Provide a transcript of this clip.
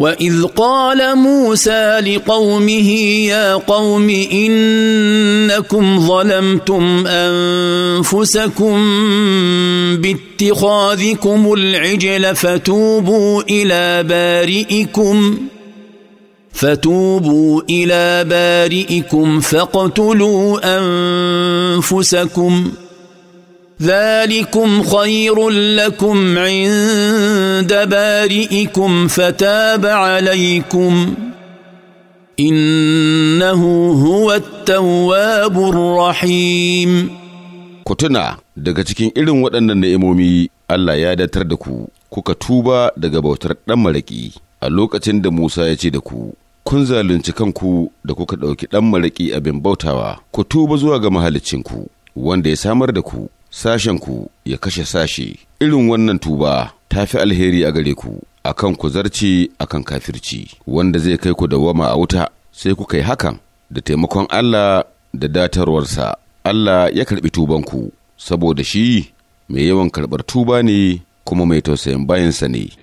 واذ قال موسى لقومه يا قوم انكم ظلمتم انفسكم باتخاذكم العجل فتوبوا الى بارئكم فتوبوا الى بارئكم فاقتلوا انفسكم ذلكم خير لكم عند عند بارئكم فتاب عليكم إنه هو التواب الرحيم كتنا daga cikin irin waɗannan ni'imomi Allah ya datar da ku kuka tuba daga bautar ɗan maraƙi a lokacin da Musa ya ce da ku kun zalunci kanku da kuka ɗauki ɗan maraƙi abin bautawa ku tuba zuwa ga mahalicinku wanda ya samar da ku sashenku ya kashe sashe irin wannan tuba ta fi alheri a gare ku a kan ku zarce kan kafirci wanda zai kai ku dawwama a wuta sai kuka yi hakan da taimakon Allah da datarwarsa Allah ya karɓi tubanku saboda shi mai yawan karɓar tuba ne kuma mai tausayin bayansa ne